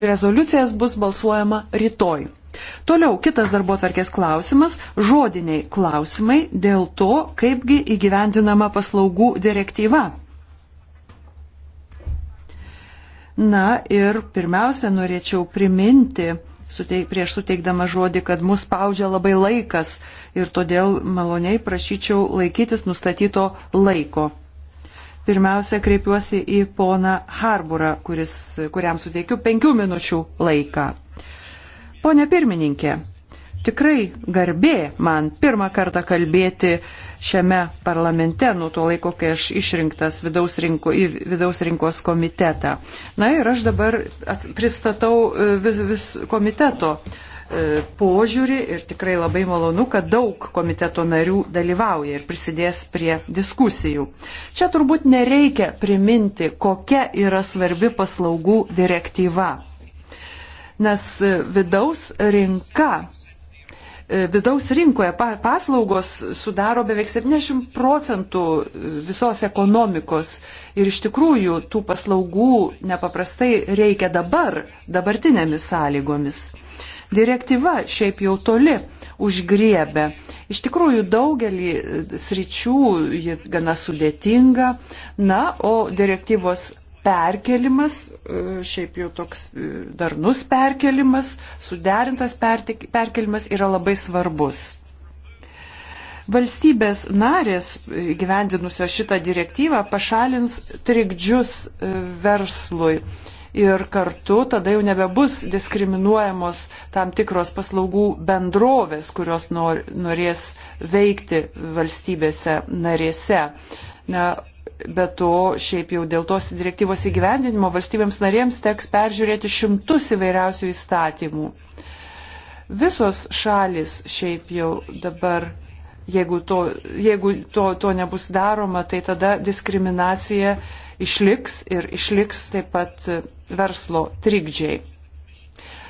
rezoliucijas bus balsuojama rytoj. Toliau kitas darbo tvarkės klausimas - žodiniai klausimai dėl to, kaipgi įgyvendinama paslaugų direktyva. Na ir pirmiausia, norėčiau priminti, suteik, prieš suteikdama žodį, kad mus spaudžia labai laikas ir todėl maloniai prašyčiau laikytis nustatyto laiko. Pirmiausia, kreipiuosi į poną Harburą, kuris, kuriam suteikiu penkių minučių laiką. Pone pirmininkė, tikrai garbė man pirmą kartą kalbėti šiame parlamente nuo to laiko, kai aš išrinktas vidaus, rinko, į vidaus rinkos komitetą. Na ir aš dabar at, pristatau e, vis, vis komiteto uh, E, požiūrį ir tikrai labai malonu, kad daug komiteto narių dalyvauja ir prisidės prie diskusijų. Čia turbūt nereikia priminti, kokia yra svarbi paslaugų direktyva. Nes e, vidaus rinka e, vidaus rinkoje paslaugos sudaro beveik 70 procentų visos ekonomikos ir iš tikrųjų tų paslaugų nepaprastai reikia dabar, dabartinėmis sąlygomis. Direktyva šiaip jau toli užgriebė. Iš tikrųjų, daugelį e, sričių ji gana sudėtinga. Na, o direktyvos perkelimas, e, šiaip jau toks e, darnus perkelimas, suderintas perkelimas yra labai svarbus. Valstybės narės gyvendinusios šitą direktyvą pašalins trikdžius verslui ir kartu tada jau nebebus diskriminuojamos tam tikros paslaugų bendrovės, kurios nor, norės veikti valstybėse narėse. Na, Be to, šiaip jau dėl tos direktyvos įgyvendinimo valstybėms narėms teks peržiūrėti šimtus įvairiausių įstatymų. Visos šalis šiaip jau dabar jeigu, to, jeigu to, to nebus daroma, tai tada diskriminacija išliks ir išliks taip pat verslo trikdžiai.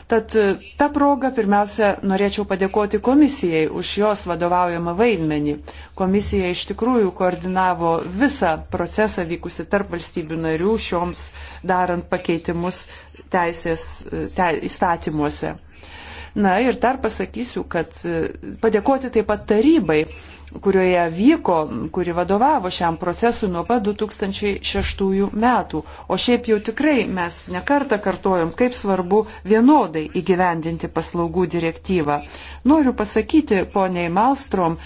Tad e, tą progą pirmiausia norėčiau padėkoti komisijai už jos vadovaujamą vaidmenį. Komisija iš tikrųjų koordinavo visą procesą vykusi tarp valstybių narių šioms darant pakeitimus teisės e, te, įstatymuose. Na ir dar pasakysiu, kad e, padėkoti taip pat tarybai kurioje vyko, kuri vadovavo šiam procesui nuo pat 2006 metų. O šiaip jau tikrai mes nekartą kartojom, kaip svarbu vienodai įgyvendinti paslaugų direktyvą. Noriu pasakyti, poniai Malstrom,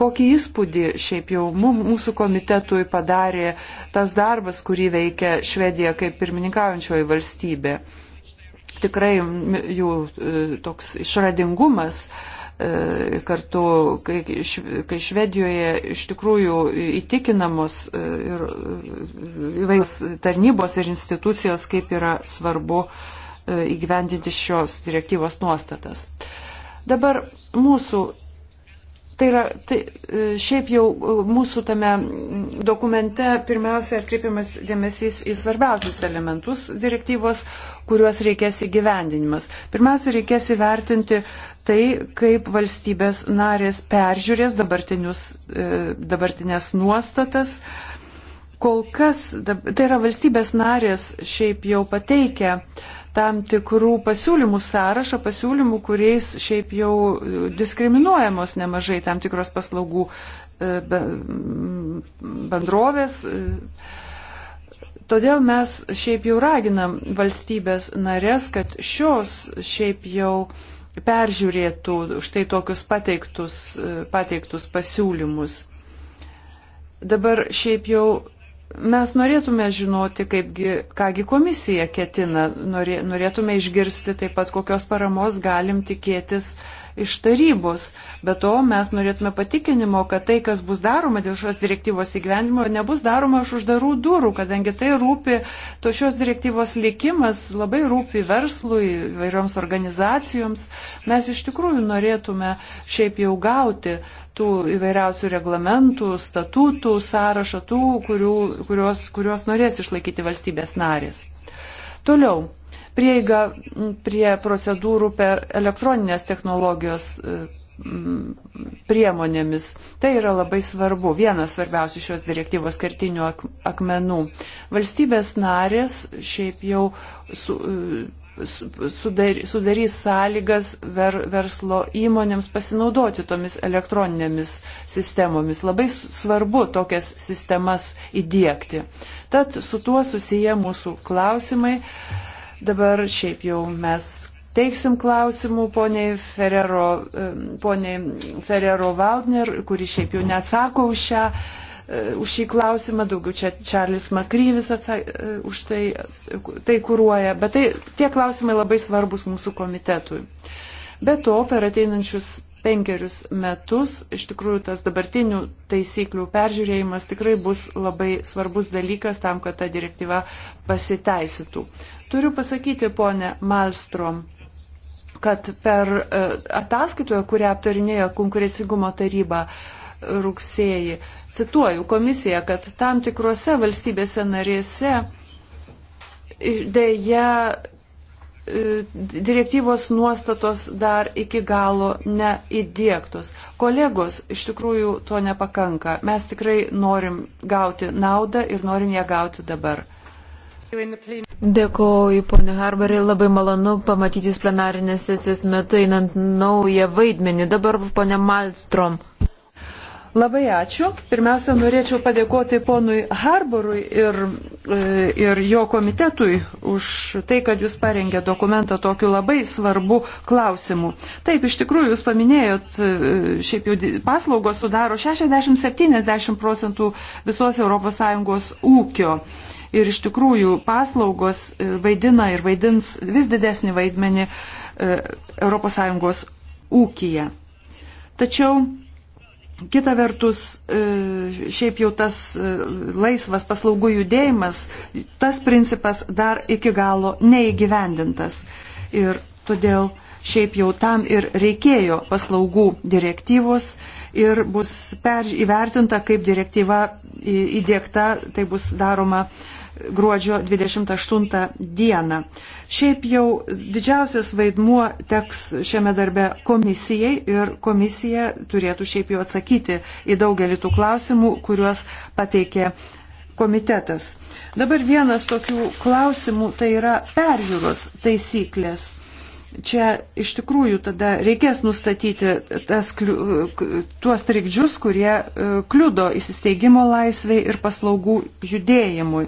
kokį įspūdį šiaip jau mūsų komitetui padarė tas darbas, kurį veikia Švedija kaip pirmininkaujančioji valstybė. Tikrai jų e, toks išradingumas E, kartu, kai, kai Švedijoje iš tikrųjų įtikinamos e, ir e, įvairios tarnybos ir institucijos, kaip yra svarbu įgyvendinti šios direktyvos nuostatas. Dabar mūsų Tai yra, tai, e, šiaip jau e, mūsų tame dokumente pirmiausia atkreipiamas dėmesys į svarbiausius elementus direktyvos, kuriuos reikės įgyvendinimas. Pirmiausia, reikės įvertinti tai, kaip valstybės narės peržiūrės e, dabartinės nuostatas. Kol kas, tai yra valstybės narės šiaip jau pateikia tam tikrų pasiūlymų sąrašą, pasiūlymų, kuriais šiaip jau diskriminuojamos nemažai tam tikros paslaugų e, bendrovės. E, todėl mes šiaip jau raginam valstybės narės, kad šios šiaip jau peržiūrėtų štai tokius pateiktus, e, pateiktus pasiūlymus. Dabar šiaip jau mes norėtume žinoti, kaipgi, kągi komisija ketina, norėtume išgirsti taip pat, kokios paramos galim tikėtis uh, iš tarybos. Be to, mes norėtume patikinimo, kad tai, kas bus daroma dėl šios direktyvos įgyvendimo, nebus daroma iš uždarų durų, kadangi tai rūpi, to šios direktyvos likimas labai rūpi verslui, vairioms organizacijoms. Mes iš tikrųjų norėtume šiaip jau gauti tų įvairiausių reglamentų, statutų sąrašą, tų, kurių, kurios, kurios norės išlaikyti valstybės narės. Toliau, prieigą prie procedūrų per elektroninės technologijos e, priemonėmis. Tai yra labai svarbu. Vienas svarbiausių šios direktyvos kertinių akmenų. Valstybės narės šiaip jau su, e, sudarys sąlygas ver, verslo įmonėms pasinaudoti tomis elektroninėmis sistemomis. Labai svarbu tokias sistemas įdėkti. Tad su tuo susiję mūsų klausimai. Uh, Dabar šiaip jau mes teiksim klausimų poniai Ferrero, poniai Ferrero Waldner, kuri šiaip jau neatsako už, šią, e, už šį klausimą, daugiau čia Čarlis Makryvis e, už tai, tai kūruoja, bet tai, tie klausimai labai svarbus mūsų komitetui. Be to, per ateinančius penkerius metus. Iš tikrųjų, tas dabartinių taisyklių peržiūrėjimas tikrai bus labai svarbus dalykas tam, kad ta direktyva pasiteisytų. Turiu pasakyti, ponė Malstrom, kad per e, ataskaitoje, kurią aptarinėjo konkurencingumo taryba rugsėjį, cituoju komisiją, kad tam tikrose valstybėse narėse dėja E, direktyvos nuostatos dar iki galo neįdėktos. Kolegos, iš tikrųjų to nepakanka. Mes tikrai norim gauti naudą ir norim ją gauti dabar. Dėkoju, ponė Harbarai, labai malonu pamatyti plenarinės sesijos metu einant naują vaidmenį. Dabar ponė Malstrom. Labai ačiū. Pirmiausia, norėčiau padėkoti ponui Harborui ir, e, ir jo komitetui už tai, kad jūs parengė dokumentą tokiu labai svarbu klausimu. Taip, iš tikrųjų, jūs paminėjot, e, šiaip jau paslaugos sudaro 60-70 procentų visos ES ūkio. Ir iš tikrųjų paslaugos e, vaidina ir vaidins vis didesnį vaidmenį ES ūkija. Tačiau Kita vertus, e, šiaip jau tas e, laisvas paslaugų judėjimas, tas principas dar iki galo neįgyvendintas. Ir todėl šiaip jau tam ir reikėjo paslaugų direktyvos ir bus per, įvertinta, kaip direktyva įdėkta, tai bus daroma uh, gruodžio 28 dieną. Šiaip jau didžiausias vaidmuo teks šiame darbe komisijai ir komisija turėtų šiaip jau atsakyti į daugelį tų klausimų, kuriuos pateikė komitetas. Dabar vienas tokių klausimų tai yra peržiūros taisyklės čia iš tikrųjų tada reikės nustatyti tas, tuos trikdžius, kurie e, kliudo įsisteigimo laisvai ir paslaugų judėjimui.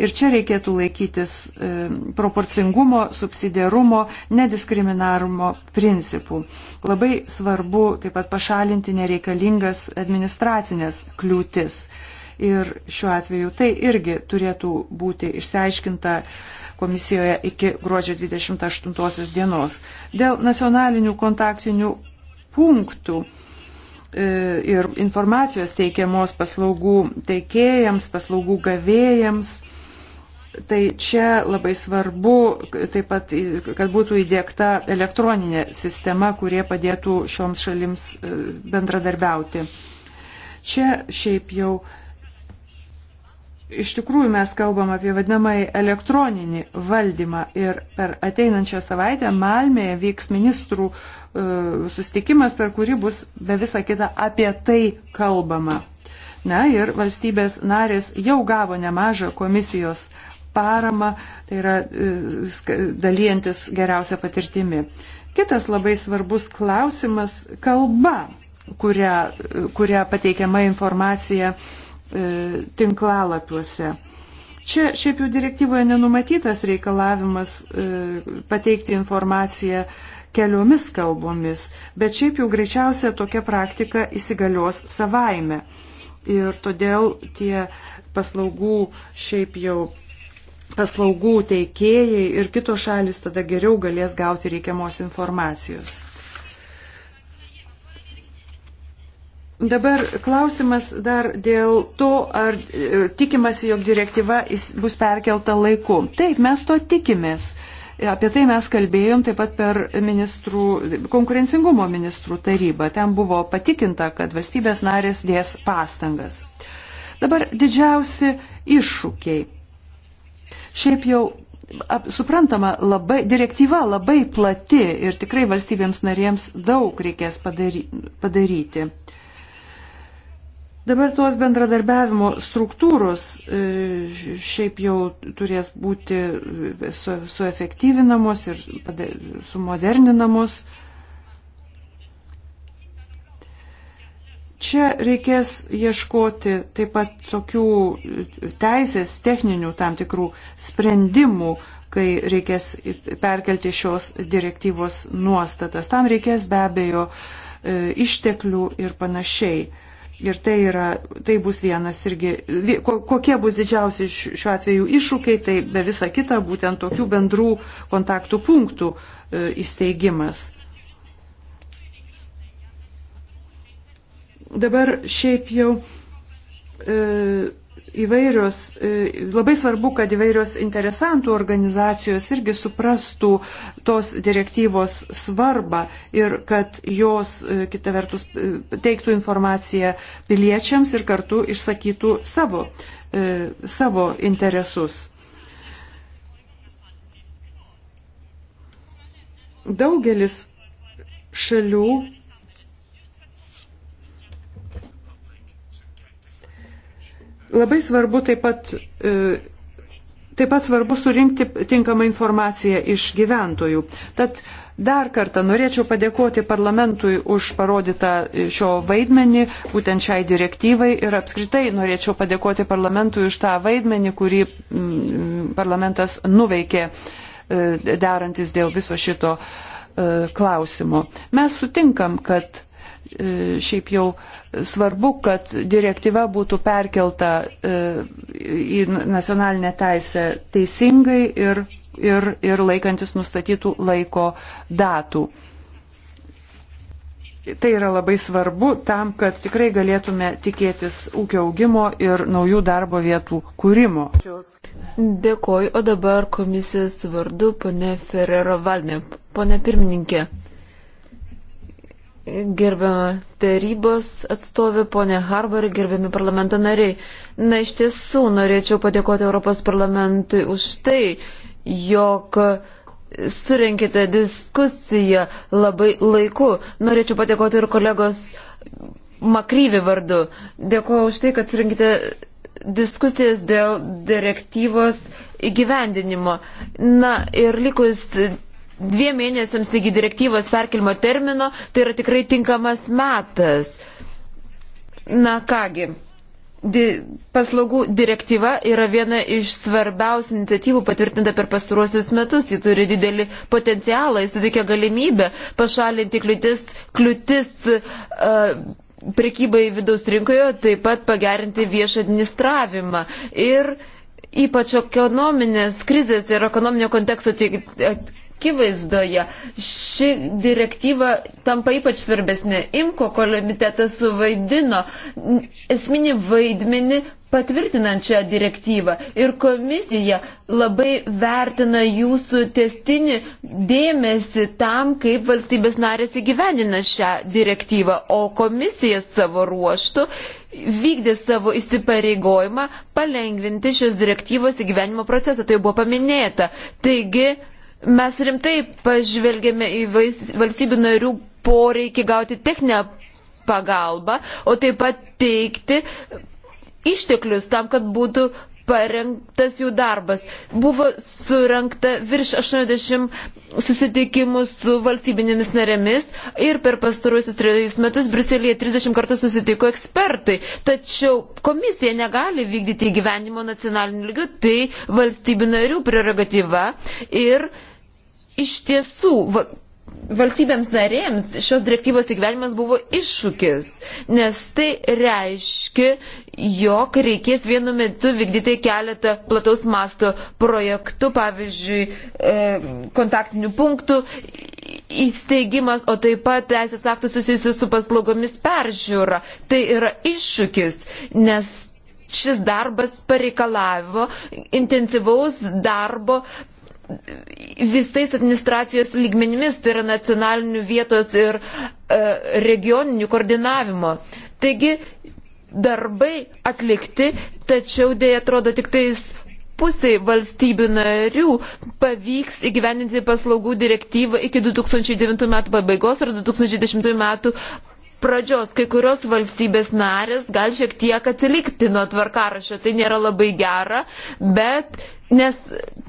Ir čia reikėtų laikytis e, proporcingumo, subsidiarumo, nediskriminavimo principų. Labai svarbu taip pat pašalinti nereikalingas administracinės kliūtis. Ir šiuo atveju tai irgi turėtų būti išsiaiškinta uh, komisijoje iki gruodžio 28 dienos. Dėl nacionalinių kontaktinių punktų e, ir informacijos teikiamos paslaugų teikėjams, paslaugų gavėjams. Tai čia labai svarbu taip pat, kad būtų įdėkta elektroninė sistema, kurie padėtų šioms šalims e, bendradarbiauti. Čia šiaip jau iš tikrųjų mes kalbam apie vadinamąjį elektroninį valdymą ir per ateinančią savaitę Malmėje vyks ministrų e, susitikimas, per kurį bus be visą kitą apie tai kalbama. Na ir valstybės narės jau gavo nemažą komisijos paramą, tai yra e, dalyjantis geriausią patirtimį. Kitas labai svarbus klausimas - kalba, kurią, e, kurią pateikiama informacija E, tinklalapiuose. Čia šiaip jau direktyvoje nenumatytas reikalavimas e, pateikti informaciją keliomis kalbomis, bet šiaip jau greičiausia tokia praktika įsigalios savaime. Ir todėl tie paslaugų šiaip jau paslaugų teikėjai ir kitos šalis tada geriau galės gauti reikiamos informacijos. Dabar klausimas dar dėl to, ar e, tikimasi, jog direktyva bus perkelta laiku. Taip, mes to tikimės. Apie tai mes kalbėjom taip pat per ministrų, konkurencingumo ministrų tarybą. Ten buvo patikinta, kad valstybės narės dės pastangas. Dabar didžiausi iššūkiai. Šiaip jau suprantama, labai, direktyva labai plati ir tikrai valstybėms narėms daug reikės padary, padaryti. Dabar tuos bendradarbiavimo struktūros e, šiaip jau turės būti e, su, suefektyvinamos ir sumoderninamos. Čia reikės ieškoti taip pat tokių teisės, techninių tam tikrų sprendimų, kai reikės perkelti šios direktyvos nuostatas. Tam reikės be abejo e, išteklių ir panašiai. Ir tai, yra, tai bus vienas irgi, kokie bus didžiausi šiuo atveju iššūkiai, tai be visa kita būtent tokių bendrų kontaktų punktų e, įsteigimas. Dabar šiaip jau e, įvairios, e, labai svarbu, kad įvairios interesantų organizacijos irgi suprastų tos direktyvos svarbą ir kad jos, e, kita vertus, e, teiktų informaciją piliečiams ir kartu išsakytų savo, savo interesus. Daugelis šalių Labai svarbu taip pat, e, taip pat svarbu surinkti tinkamą informaciją iš gyventojų. Tad dar kartą norėčiau padėkoti parlamentui už parodytą šio vaidmenį, būtent šiai direktyvai ir apskritai norėčiau padėkoti parlamentui už tą vaidmenį, kurį mm, parlamentas nuveikė e, derantis dėl viso šito e, klausimo. Mes sutinkam, kad E, šiaip jau svarbu, kad direktyva būtų perkelta e, į nacionalinę teisę teisingai ir, ir, ir laikantis nustatytų laiko datų. Tai yra labai svarbu tam, kad tikrai galėtume tikėtis ūkio augimo ir naujų darbo vietų kūrimo. Dėkoju, o dabar komisijos vardu pane Ferrero Valne. Pone pirmininkė, gerbiama tarybos atstovė, ponė Harvar, gerbiami parlamento nariai. Na, iš tiesų, norėčiau padėkoti Europos parlamentui už tai, jog surinkite diskusiją labai laiku. Norėčiau padėkoti ir kolegos Makryvi vardu. Dėkuoju už tai, kad surinkite diskusijas dėl direktyvos įgyvendinimo. Na ir likus dviem mėnesiams iki direktyvos perkelimo termino, tai yra tikrai tinkamas metas. Na kągi. Di paslaugų direktyva yra viena iš svarbiausių iniciatyvų patvirtinta per pastaruosius metus. Ji turi didelį potencialą, jis suteikia galimybę pašalinti kliūtis, kliūtis uh, prekybai vidaus rinkoje, taip pat pagerinti viešą administravimą. Ir ypač ekonominės krizės ir ekonominio konteksto akivaizdoje ši direktyva tampa ypač svarbesnė. Imko komitetas suvaidino esminį vaidmenį patvirtinant šią direktyvą ir komisija labai vertina jūsų testinį dėmesį tam, kaip valstybės narės įgyvendina šią direktyvą, o komisija savo ruoštų vykdė savo įsipareigojimą palengvinti šios direktyvos įgyvenimo procesą. Tai buvo paminėta. Taigi, mes rimtai pažvelgėme į valstybių narių poreikį gauti techninę pagalbą, o taip pat teikti išteklius tam, kad būtų parengtas jų darbas. Buvo surinkta virš 80 susitikimų su valstybinėmis narėmis ir per pastaruosius trejus metus Briuselėje 30 kartų susitiko ekspertai. Tačiau komisija negali vykdyti įgyvenimo nacionaliniu lygiu, tai valstybių narių prerogatyva ir iš tiesų va, valstybėms narėms šios direktyvos įgyvenimas buvo iššūkis, nes tai reiškia, jog reikės vienu metu vykdyti keletą plataus masto projektų, pavyzdžiui, e, kontaktinių punktų įsteigimas, o taip pat teisės aktų susijusių su paslaugomis peržiūra. Tai yra iššūkis, nes šis darbas pareikalavo intensyvaus darbo visais administracijos lygmenimis, tai yra nacionalinių vietos ir e, regioninių koordinavimo. Taigi darbai atlikti, tačiau dėja atrodo tik tais pusiai valstybių narių pavyks įgyveninti paslaugų direktyvą iki 2009 metų pabaigos ar 2010 metų pradžios kai kurios valstybės narės gal šiek tiek atsilikti nuo tvarkarašio. Tai nėra labai gera, bet nes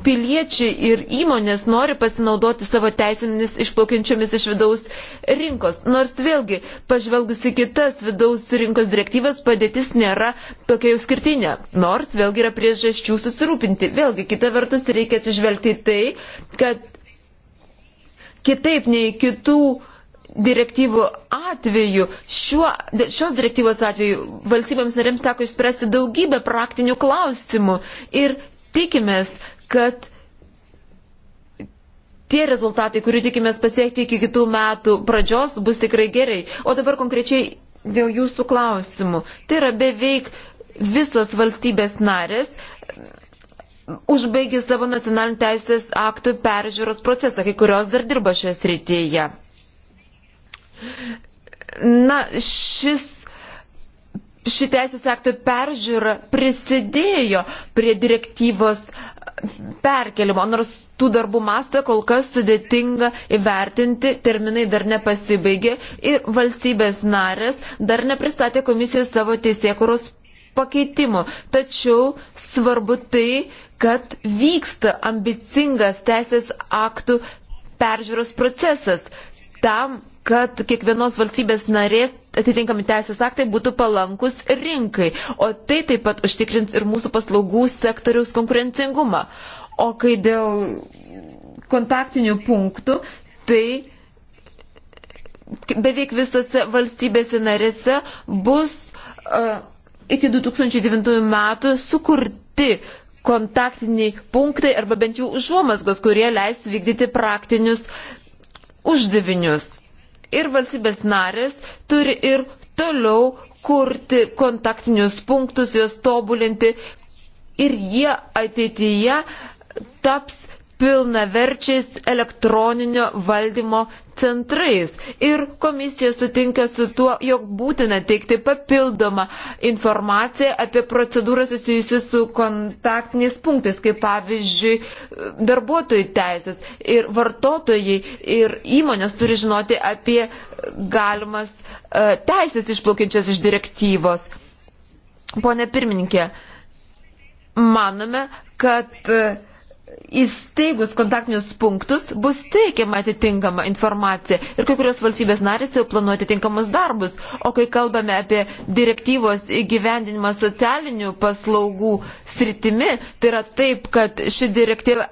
piliečiai ir įmonės nori pasinaudoti savo teisėmis išplaukiančiomis iš vidaus rinkos. Nors vėlgi, pažvelgus į kitas vidaus rinkos direktyvas, padėtis nėra tokia jau skirtinė. Nors vėlgi yra priežasčių susirūpinti. Vėlgi, kita vertus, reikia atsižvelgti į tai, kad kitaip nei kitų direktyvų atveju, šiuo, šios direktyvos atveju valstybėms narėms teko išspręsti daugybę praktinių klausimų ir tikimės, kad tie rezultatai, kurių tikimės pasiekti iki kitų metų pradžios, bus tikrai gerai. O dabar konkrečiai dėl jūsų klausimų. Tai yra beveik visos valstybės narės užbaigė savo nacionalinių teisės aktų peržiūros procesą, kai kurios dar dirba šioje srityje. Na, šis ši teisės aktų peržiūra prisidėjo prie direktyvos perkelimo, nors tų darbų mastą kol kas sudėtinga įvertinti, terminai dar nepasibaigė ir valstybės narės dar nepristatė komisijos savo teisėkuros pakeitimų. Tačiau svarbu tai, kad vyksta ambicingas teisės aktų peržiūros procesas tam, kad kiekvienos valstybės narės atitinkami teisės aktai būtų palankus rinkai, o tai taip pat užtikrins ir mūsų paslaugų sektoriaus konkurencingumą. O kai dėl kontaktinių punktų, tai beveik visose valstybėse narėse bus uh, iki 2009 metų sukurti kontaktiniai punktai arba bent jau užuomasgos, kurie leis vykdyti praktinius uždavinius ir valstybės narės turi ir toliau kurti kontaktinius punktus, juos tobulinti ir jie ateityje taps pilna verčiais elektroninio valdymo centrais. Ir komisija sutinka su tuo, jog būtina teikti papildomą informaciją apie procedūrą susijusi su kontaktiniais punktais, kaip pavyzdžiui darbuotojų teisės. Ir vartotojai ir įmonės turi žinoti apie galimas e, teisės išplaukiančias iš direktyvos. Pone pirmininkė, manome, kad uh, įsteigus kontaktinius punktus bus teikiama atitinkama informacija ir kai kurios valstybės narės jau planuoja atitinkamus darbus. O kai kalbame apie direktyvos įgyvendinimą socialinių paslaugų sritimi, tai yra taip, kad ši direktyva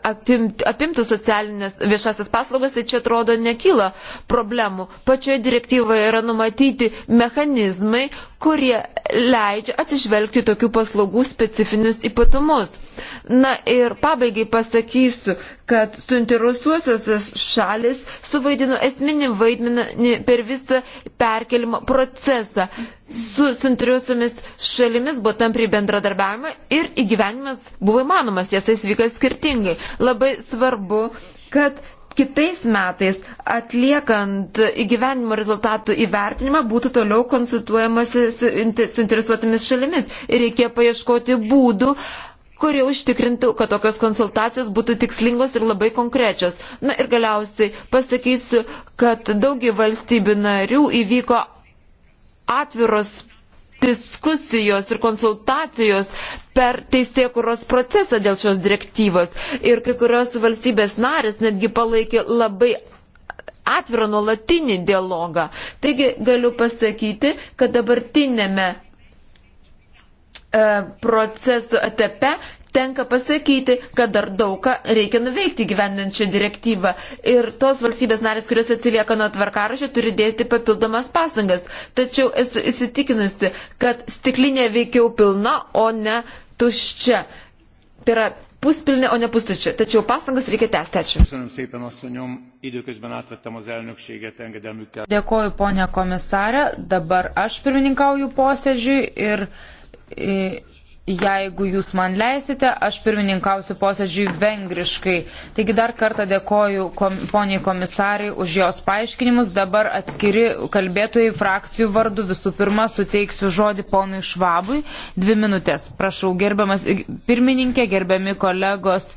apimtų socialinės viešasias paslaugas, tai čia atrodo nekyla problemų. Pačioje direktyvoje yra numatyti mechanizmai, kurie leidžia atsižvelgti tokių paslaugų specifinius ypatumus. Na ir pabaigai pasakysiu, kad suinteresuosios šalis suvaidino esminį vaidmenį per visą perkelimo procesą. Su suinteresuomis šalimis buvo tampriai bendradarbiavimo ir įgyvenimas buvo įmanomas, jas jis vyko skirtingai. Labai svarbu, kad kitais metais atliekant įgyvenimo rezultatų įvertinimą būtų toliau konsultuojamasi su suinteresuotomis šalimis ir reikia paieškoti būdų, uh, kuri užtikrintų, kad tokios konsultacijos būtų tikslingos ir labai konkrečios. Na ir galiausiai pasakysiu, kad daugi valstybių narių įvyko atviros diskusijos ir konsultacijos per teisėkuros procesą dėl šios direktyvos. Ir kai kurios valstybės narės netgi palaikė labai atvirą nuolatinį dialogą. Taigi galiu pasakyti, kad dabartinėme E, procesų etape tenka pasakyti, kad dar daug ką reikia nuveikti gyvenančią direktyvą. Ir tos valstybės narės, kurios atsilieka nuo tvarkarašio, turi dėti papildomas pastangas. Tačiau esu įsitikinusi, kad stiklinė veikiau pilna, o ne tuščia. Tai yra puspilnė, o ne pustučia. Tačiau pastangas reikia tęsti. Ačiū. Dėkoju, ponė komisarė. Dabar aš pirmininkauju posėdžiui ir Jeigu jūs man leisite, aš pirmininkausiu posėdžiui vengriškai. Taigi dar kartą dėkoju kom, poniai komisariai už jos paaiškinimus. Dabar atskiri kalbėtojai frakcijų vardu. Visų pirma, suteiksiu žodį ponui Švabui. Dvi minutės. Prašau, gerbiamas pirmininkė, gerbiami kolegos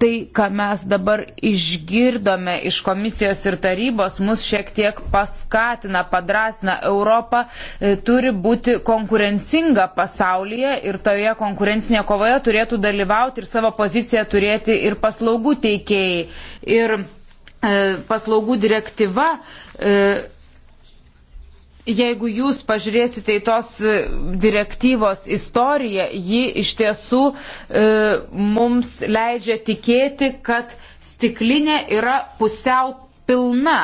tai, ką mes dabar išgirdome iš komisijos ir tarybos, mus šiek tiek paskatina, padrasina. Europa e, turi būti konkurencinga pasaulyje ir toje konkurencinėje kovoje turėtų dalyvauti ir savo poziciją turėti ir paslaugų teikėjai. Ir e, paslaugų direktyva. E, jeigu jūs pažiūrėsite į tos e, direktyvos istoriją, ji iš tiesų e, mums leidžia tikėti, kad stiklinė yra pusiau pilna.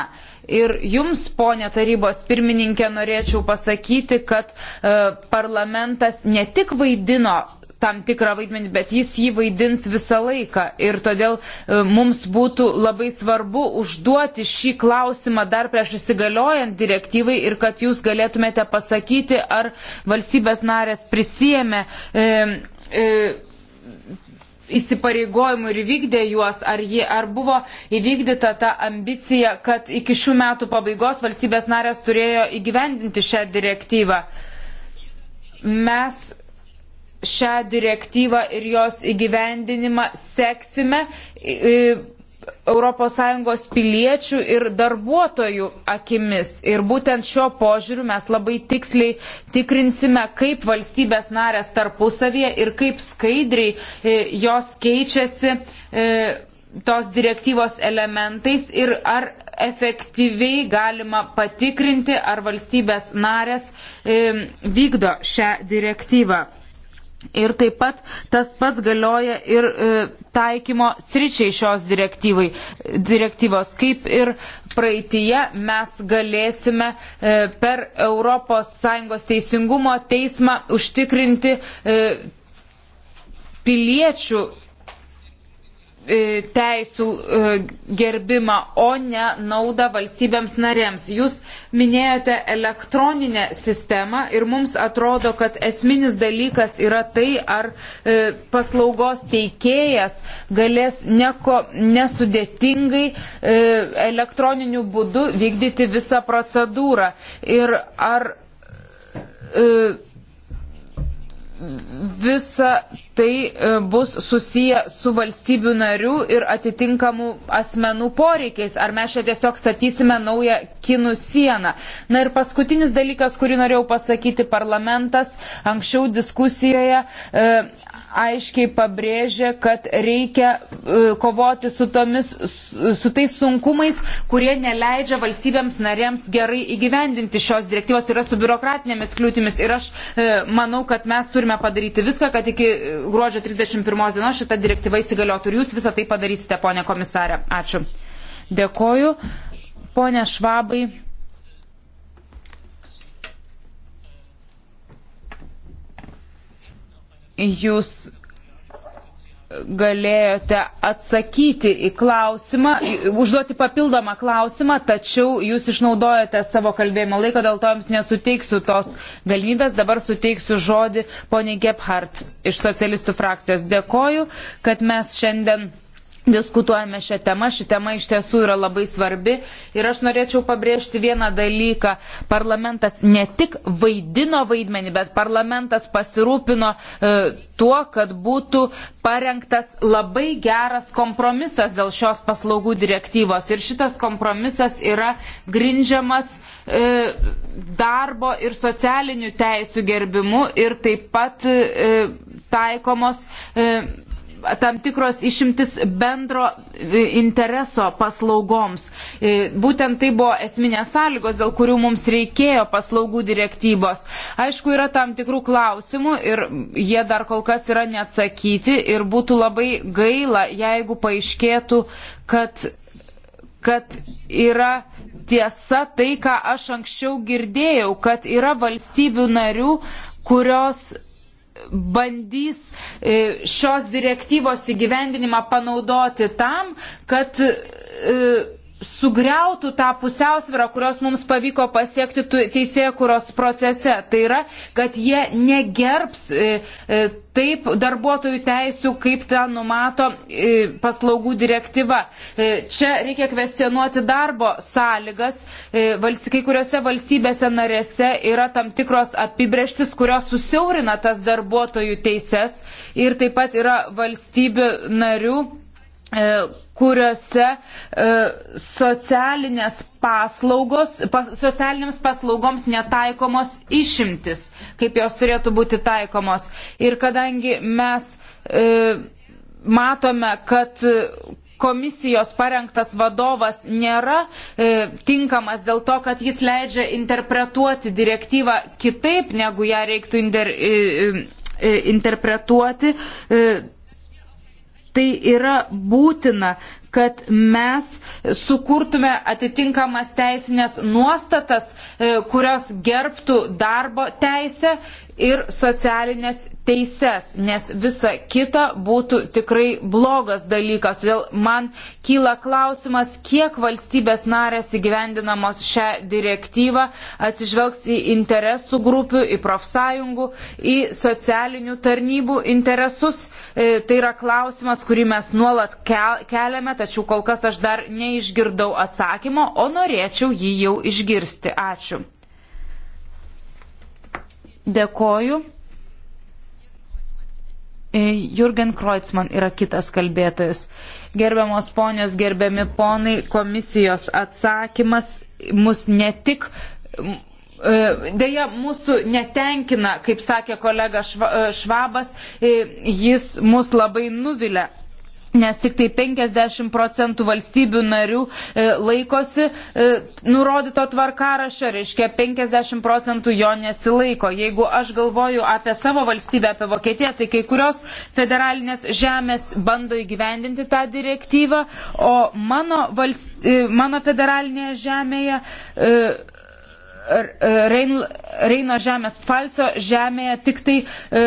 Ir jums, ponė tarybos pirmininkė, norėčiau pasakyti, kad e, parlamentas ne tik vaidino tam tikrą vaidmenį, bet jis jį vaidins visą laiką. Ir todėl e, mums būtų labai svarbu užduoti šį klausimą dar prieš įsigaliojant direktyvai ir kad jūs galėtumėte pasakyti, ar valstybės narės prisėmė. E, e, įsipareigojimų ir įvykdė juos, ar, jie, ar buvo įvykdyta ta ambicija, kad iki šių metų pabaigos valstybės narės turėjo įgyvendinti šią direktyvą. Mes šią direktyvą ir jos įgyvendinimą seksime. I, i, ES piliečių ir darbuotojų akimis. Ir būtent šio požiūriu mes labai tiksliai tikrinsime, kaip valstybės narės tarpusavėje ir kaip skaidriai e, jos keičiasi e, tos direktyvos elementais ir ar efektyviai galima patikrinti, ar valstybės narės e, vykdo šią direktyvą. Ir taip pat tas pats galioja ir e, taikymo sričiai šios direktyvos, kaip ir praeitie mes galėsime e, per ES teisingumo teismą užtikrinti e, piliečių E, teisų e, gerbimą, o ne naudą valstybėms narėms. Jūs minėjote elektroninę sistemą ir mums atrodo, kad esminis dalykas yra tai, ar e, paslaugos teikėjas galės nieko nesudėtingai elektroniniu būdu vykdyti visą procedūrą. Ir ar visa tai e, bus susiję su valstybių narių ir atitinkamų asmenų poreikiais. Ar mes čia tiesiog statysime naują kinų sieną. Na ir paskutinis dalykas, kurį norėjau pasakyti, parlamentas anksčiau diskusijoje e, aiškiai pabrėžė, kad reikia e, kovoti su, tomis, su tais sunkumais, kurie neleidžia valstybėms narėms gerai įgyvendinti šios direktyvos, tai yra su biurokratinėmis kliūtimis. Ir aš e, manau, kad mes turime padaryti viską, kad iki e, gruodžio 31 dienos šita direktyva įsigaliotų. Ir jūs visą tai padarysite, ponė komisarė. Ačiū. Dėkoju. Pone Švabai. jūs galėjote atsakyti į klausimą, užduoti papildomą klausimą, tačiau jūs išnaudojate savo kalbėjimo laiką, dėl to jums nesuteiksiu tos galimybės. Dabar suteiksiu žodį poniai Gebhardt iš socialistų frakcijos. Dėkoju, kad mes šiandien diskutuojame šią temą. Ši tema iš tiesų yra labai svarbi. Ir aš norėčiau pabrėžti vieną dalyką. Parlamentas ne tik vaidino vaidmenį, bet parlamentas pasirūpino e, tuo, kad būtų parengtas labai geras kompromisas dėl šios paslaugų direktyvos. Ir šitas kompromisas yra grindžiamas e, darbo ir socialinių teisų gerbimu ir taip pat e, taikomos. E, tam tikros išimtis bendro e, intereso paslaugoms. E, būtent tai buvo esminės sąlygos, dėl kurių mums reikėjo paslaugų direktybos. Aišku, yra tam tikrų klausimų ir jie dar kol kas yra neatsakyti ir būtų labai gaila, jeigu paaiškėtų, kad kad yra tiesa tai, ką aš anksčiau girdėjau, kad yra valstybių narių, kurios bandys e, šios direktyvos įgyvendinimą panaudoti tam, kad e, sugriautų tą pusiausvyrą, kurios mums pavyko pasiekti teisėje kuros procese. Tai yra, kad jie negerbs e, e, taip darbuotojų teisų, kaip tą numato e, paslaugų direktyva. Čia reikia kvestionuoti darbo sąlygas. Kai kuriuose valstybėse narėse yra tam tikros apibrėžtis, kurios susiaurina tas darbuotojų teises ir taip pat yra valstybių narių E, kuriuose e, socialinės paslaugos, pas, socialinėms paslaugoms netaikomos išimtis, kaip jos turėtų būti taikomos. Ir kadangi mes e, matome, kad komisijos parengtas vadovas nėra e, tinkamas dėl to, kad jis leidžia interpretuoti direktyvą kitaip, negu ją reiktų inter, e, e, interpretuoti. E, Tai yra būtina kad mes sukurtume atitinkamas teisinės nuostatas, e, kurios gerbtų darbo teisę ir socialinės teises, nes visa kita būtų tikrai blogas dalykas. Todėl man kyla klausimas, kiek valstybės narės įgyvendinamos šią direktyvą atsižvelgs į interesų grupių, į profsąjungų, į socialinių tarnybų interesus. E, tai yra klausimas, kurį mes nuolat keliame tačiau kol kas aš dar neišgirdau atsakymo, o norėčiau jį jau išgirsti. Ačiū. Dėkoju. E, Jurgen Kreutzmann yra kitas kalbėtojas. Gerbiamos ponios, gerbiami ponai, komisijos atsakymas mus ne tik e, Deja, mūsų netenkina, kaip sakė kolega e, Švabas, jis mus labai nuvilia nes tik tai 50 procentų valstybių narių e, laikosi e, nurodyto tvarkarašio, reiškia 50 procentų jo nesilaiko. Jeigu aš galvoju apie savo valstybę, apie Vokietiją, tai kai kurios federalinės žemės bando įgyvendinti tą direktyvą, o mano, valst... E, mano federalinėje žemėje E, Rein, Reino žemės, Falco žemėje tik tai e,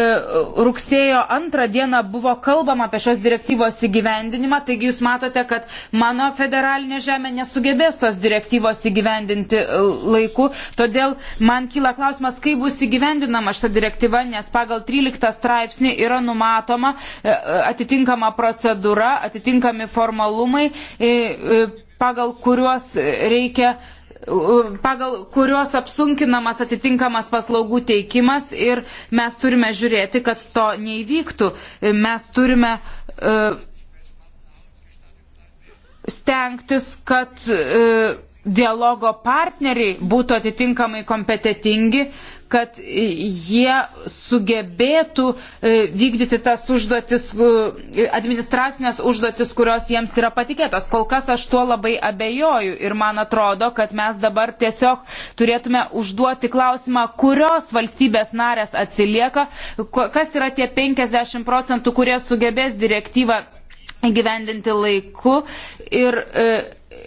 rugsėjo antrą dieną buvo kalbama apie šios direktyvos įgyvendinimą, taigi jūs matote, kad mano federalinė žemė nesugebės tos direktyvos įgyvendinti e, laiku, todėl man kyla klausimas, kaip bus įgyvendinama šita direktyva, nes pagal 13 straipsnį yra numatoma e, atitinkama procedūra, atitinkami formalumai, e, e, pagal kuriuos reikia e, pagal kuriuos apsunkinamas atitinkamas paslaugų teikimas ir mes turime žiūrėti, kad to neįvyktų. Mes turime uh, stengtis, kad e, dialogo partneriai būtų atitinkamai kompetitingi, kad jie sugebėtų e, vykdyti tas užduotis, e, administracinės užduotis, kurios jiems yra patikėtos. Kol kas aš tuo labai abejoju ir man atrodo, kad mes dabar tiesiog turėtume užduoti klausimą, kurios valstybės narės atsilieka, kas yra tie 50 procentų, kurie sugebės direktyvą įgyvendinti laiku ir e,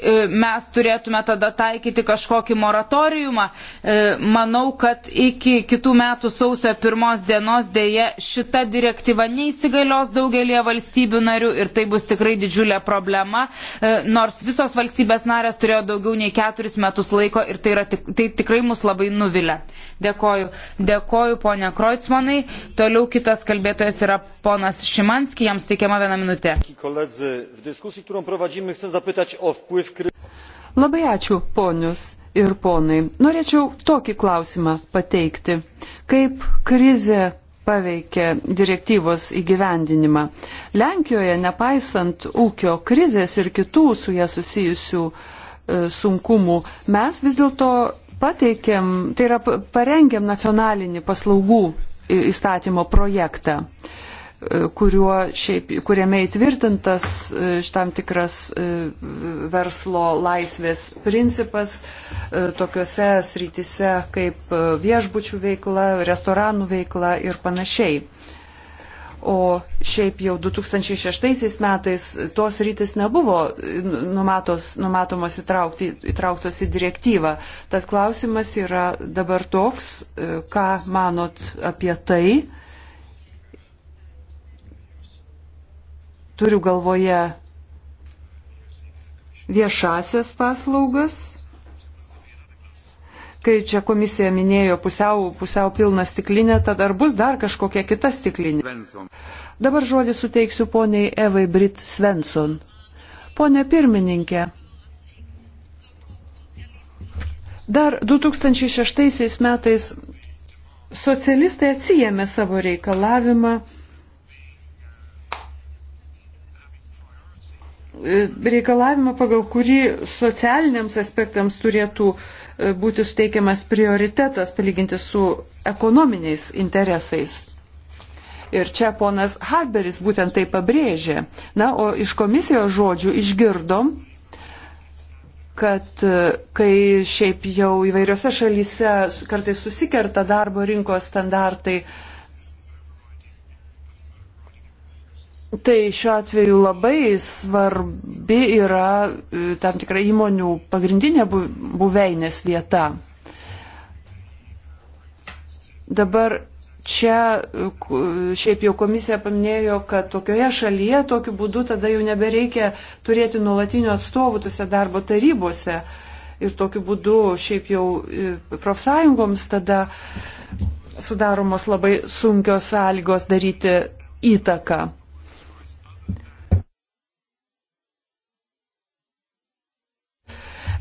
e, mes turėtume tada taikyti kažkokį moratoriumą. E, manau, kad iki kitų metų sausio pirmos dienos dėje šita direktyva neįsigalios daugelie valstybių narių ir tai bus tikrai didžiulė problema, e, nors visos valstybės narės turėjo daugiau nei keturis metus laiko ir tai, yra, tai tikrai mus labai nuvilia. Dėkoju. Dėkoju, ponia Kreutzmanai. Toliau kitas kalbėtojas yra Ponas Šimanski, jam suteikiama viena minutė. Labai ačiū, ponius ir ponai. Norėčiau tokį klausimą pateikti. Kaip krizė paveikė direktyvos įgyvendinimą. Lenkijoje, nepaisant ūkio krizės ir kitų su ją susijusių e, sunkumų, mes vis dėlto pateikėm, tai yra parengėm nacionalinį paslaugų įstatymo projektą. Uh, kuriuo šiaip, kuriame įtvirtintas e, šitam tikras e, verslo laisvės principas e, tokiuose srityse kaip viešbučių veikla, restoranų veikla ir panašiai. O šiaip jau 2006 metais tos rytis nebuvo numatos, numatomos įtraukti, įtrauktos į direktyvą. Tad klausimas yra dabar toks, ką manot apie tai, Turiu galvoje viešasias paslaugas, kai čia komisija minėjo pusiau, pusiau pilną stiklinę, tad ar bus dar kažkokia kita stiklinė. Dabar žodį suteiksiu poniai Evai Brit Svensson. Pone pirmininkė, dar 2006 metais socialistai atsijėmė savo reikalavimą E, reikalavimą, pagal kurį socialiniams aspektams turėtų e, būti suteikiamas prioritetas palyginti su ekonominiais interesais. Ir čia ponas Harberis būtent tai pabrėžė. Na, o iš komisijos žodžių išgirdom, kad e, kai šiaip jau įvairiose šalyse kartais susikerta darbo rinkos standartai, uh, Tai šiuo atveju labai svarbi yra e, tam tikra įmonių pagrindinė buveinės vieta. Dabar čia e, šiaip jau komisija paminėjo, kad tokioje šalyje tokiu būdu tada jau nebereikia turėti nuolatinių atstovų tose darbo tarybose. Ir tokiu būdu šiaip jau e, profsąjungoms tada sudaromos labai sunkios sąlygos daryti įtaką.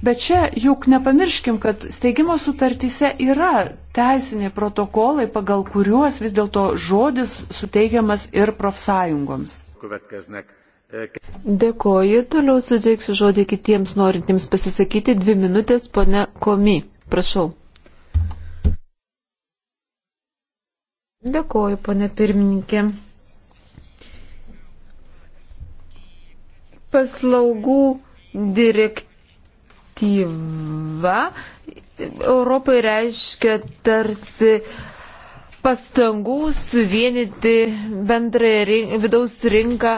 Bet čia juk nepamirškim, kad steigimo sutartyse yra teisiniai protokolai, pagal kuriuos vis dėlto žodis suteikiamas ir profsąjungoms. Dėkoju, toliau suteiksiu žodį kitiems norintiems pasisakyti. Dvi minutės, pone Komi, prašau. Dėkoju, pone pirmininkė. Paslaugų direktyva direktyva Europai reiškia tarsi pastangų suvienyti bendrąją rink, vidaus rinką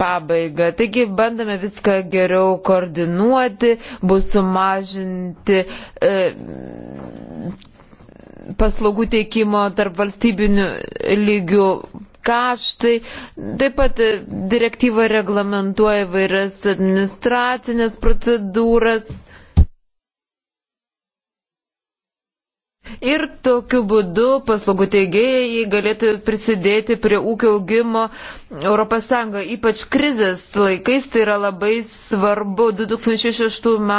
pabaigą. Taigi bandome viską geriau koordinuoti, bus sumažinti e, paslaugų teikimo tarp valstybinių lygių kaštai. Taip pat e, direktyva reglamentuoja vairias administracinės procedūras, Ir tokiu būdu paslaugų teigėjai galėtų prisidėti prie ūkio augimo ES, ypač krizės laikais, tai yra labai svarbu. 2006 m.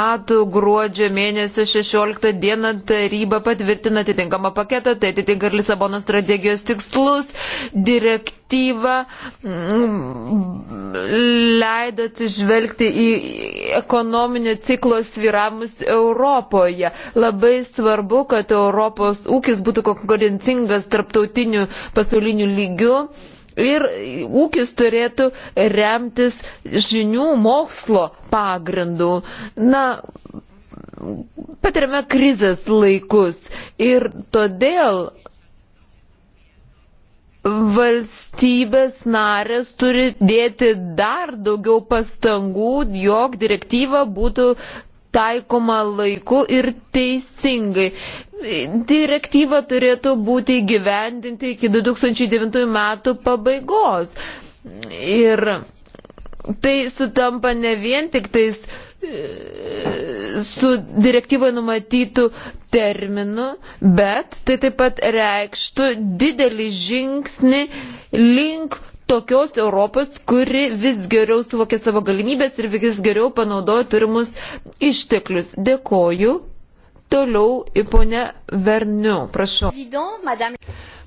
gruodžio mėnesio 16 d. taryba patvirtina atitinkamą paketą, tai atitinka ir Lisabono strategijos tikslus, direktyvą direktyva mm, leido atsižvelgti į ekonominio ciklo sviramus Europoje. Labai svarbu, kad Europos ūkis būtų konkurencingas tarptautiniu pasauliniu lygiu. Ir ūkis turėtų remtis žinių mokslo pagrindų. Na, patiriame krizės laikus ir todėl valstybės narės turi dėti dar daugiau pastangų, jog direktyva būtų taikoma laiku ir teisingai. Direktyva turėtų būti įgyvendinti iki 2009 metų pabaigos. Ir tai sutampa ne vien tik tais e, su direktyvoje numatytų terminu, bet tai taip pat reikštų didelį žingsnį link tokios Europos, kuri vis geriau suvokia savo galimybės ir vis geriau panaudoja turimus išteklius. Dėkoju. Toliau į ponę Verniu, prašau.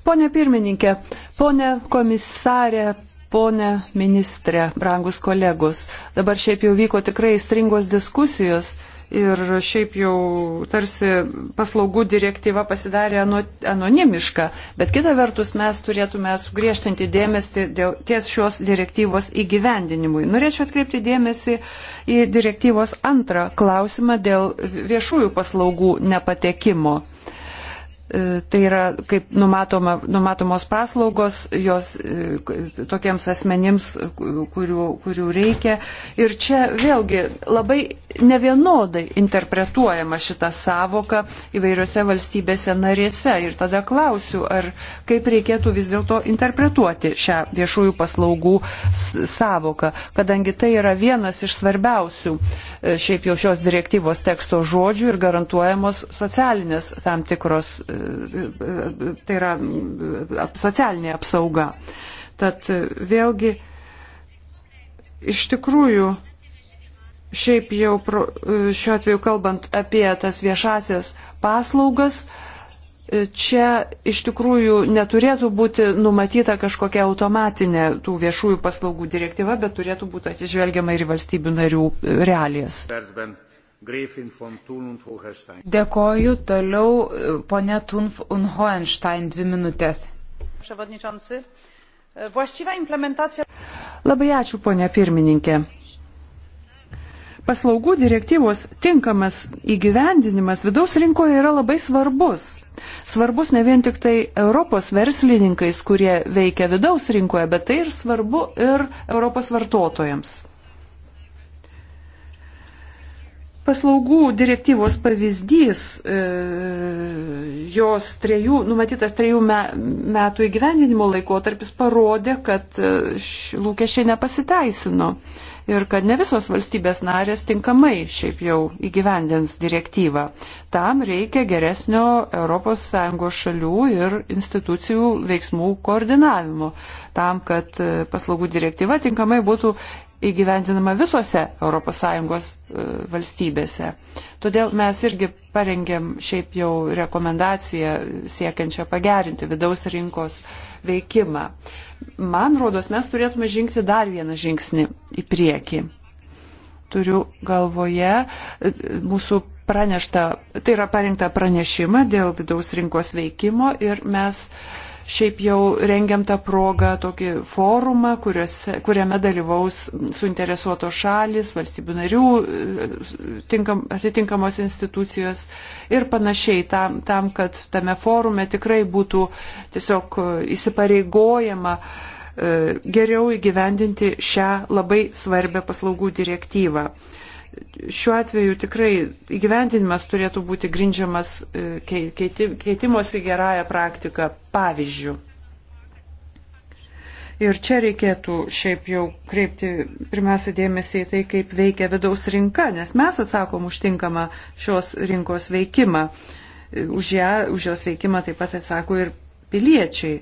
Pone pirmininkė, pone komisarė, Pone ministrė, brangus kolegos, dabar šiaip jau vyko tikrai stringos diskusijos ir šiaip jau tarsi paslaugų direktyva pasidarė anonimiška, bet kita vertus mes turėtume sugriežtinti dėmesį dėl ties šios direktyvos įgyvendinimui. Norėčiau atkreipti dėmesį į direktyvos antrą klausimą dėl viešųjų paslaugų nepatekimo. Uh, E, tai yra, kaip numatoma, numatomos paslaugos jos e, tokiems asmenims, e, kurių, kurių reikia. Ir čia vėlgi labai nevienodai interpretuojama šita savoka įvairiose valstybėse narėse. Ir tada klausiu, ar kaip reikėtų vis dėlto interpretuoti šią viešųjų paslaugų savoką, kadangi tai yra vienas iš svarbiausių uh, šiaip jau šios direktyvos teksto žodžių ir garantuojamos socialinės tam tikros, tai yra socialinė apsauga. Tad vėlgi iš tikrųjų šiaip jau šiuo atveju kalbant apie tas viešasias paslaugas, čia iš tikrųjų neturėtų būti numatyta kažkokia automatinė tų viešųjų paslaugų direktyva, bet turėtų būti atsižvelgiama ir valstybių narių realijas. Dėkoju. Toliau e, ponė Tunf Unhoenstein, dvi minutės. E, Labai ačiū, ponė pirmininkė paslaugų direktyvos tinkamas įgyvendinimas vidaus rinkoje yra labai svarbus. Svarbus ne vien tik tai Europos verslininkais, kurie veikia vidaus rinkoje, bet tai ir svarbu ir Europos vartotojams. paslaugų direktyvos pavyzdys, e, jos trejų, numatytas trejų metų įgyvendinimo laikotarpis parodė, kad e, lūkesčiai nepasiteisino ir kad ne visos valstybės narės tinkamai šiaip jau įgyvendins direktyvą. Tam reikia geresnio ES šalių ir institucijų veiksmų koordinavimo, tam, kad e, paslaugų direktyva tinkamai būtų įgyvendinama visose ES e, valstybėse. Todėl mes irgi parengėm šiaip jau rekomendaciją siekiančią pagerinti vidaus rinkos veikimą. Man rodos, mes turėtume žingti dar vieną žingsnį į priekį. Turiu galvoje e, mūsų pranešta, tai yra parengta pranešimą dėl vidaus rinkos veikimo ir mes uh, Šiaip jau rengiam tą progą tokį forumą, kuriuose, kuriame dalyvaus suinteresuotos šalis, valstybių narių, tinkam, atitinkamos institucijos ir panašiai, tam, tam, kad tame forume tikrai būtų tiesiog e, įsipareigojama e, geriau įgyvendinti šią labai svarbę paslaugų direktyvą šiuo atveju tikrai įgyventinimas turėtų būti grindžiamas e, keiti, keitimosi gerąją praktiką pavyzdžių. Ir čia reikėtų šiaip jau kreipti pirmiausia dėmesį į tai, kaip veikia vidaus rinka, nes mes atsakom užtinkamą šios rinkos veikimą. E, už, ją, už jos veikimą taip pat atsako ir piliečiai.